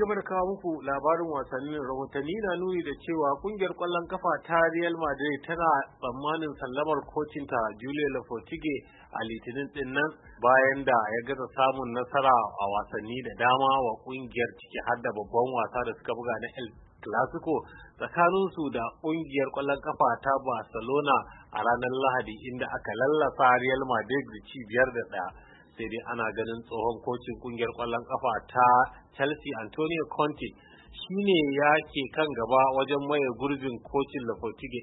gaba da kawo muku labarin wasannin rahotanni na nuni da cewa kungiyar kwallon kafa ta Real Madrid tana tsammanin sallamar kocinta Julio Lopetegui a litinin din nan bayan da ya gaza samun nasara a wasanni da dama wa kungiyar ciki har da babban wasa da suka buga na El Clasico tsakaninsu da ƙungiyar ƙwallon kafa ta Barcelona a ranar Lahadi inda aka lallasa Real Madrid da ci biyar da ɗaya. Sai dai ana ganin tsohon kocin ƙungiyar ƙwallon kafa ta Chelsea Antonio Conte shi ne ya ke kan gaba wajen maye gurbin kocin La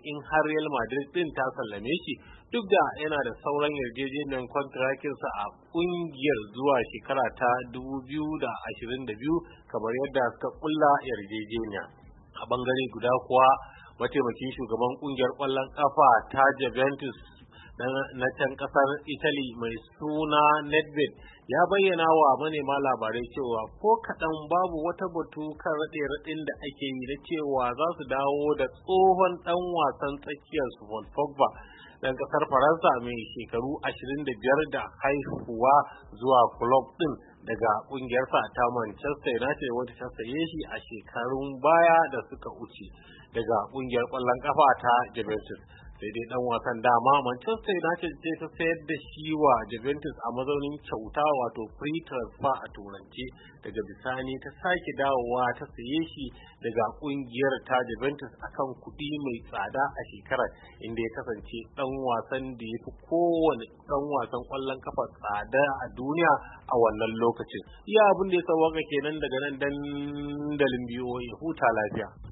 in har Real Madrid ɗin ta sallame shi duk da yana da sauran yarjejeniyar kwantarakinsa a ƙungiyar zuwa shekara ta 2022 kamar yadda suka ƙulla yarjejeniya. a bangare guda kuwa mataimakin shugaban kungiyar kwallon kafa ta Juventus na can kasar Italy mai suna Nedved ya bayyana wa manema labarai cewa ko kaɗan babu wata batu kan rade raɗin da ake yi na cewa za su dawo da tsohon ɗan wasan tsakiyar su Pogba ɗan ƙasar Faransa mai shekaru 25 da haihuwa zuwa club ɗin daga kungiyar sa ta Manchester United wanda ta saye shi a shekarun baya da suka wuce daga kungiyar ƙwallon kafa ta Juventus sai dai dan wasan dama Manchester United ce ta sayar da shi wa Juventus a mazaunin kyauta wato free transfer a turance daga bisani ta sake dawowa ta saye shi daga kungiyar ta Juventus akan kuɗi mai tsada a shekarar inda ya kasance dan wasan da ya fi kowane dan wasan kwallon kafa tsada a duniya a wannan lokacin iya abin da ya sawaka kenan daga nan dandalin biyo ya huta lafiya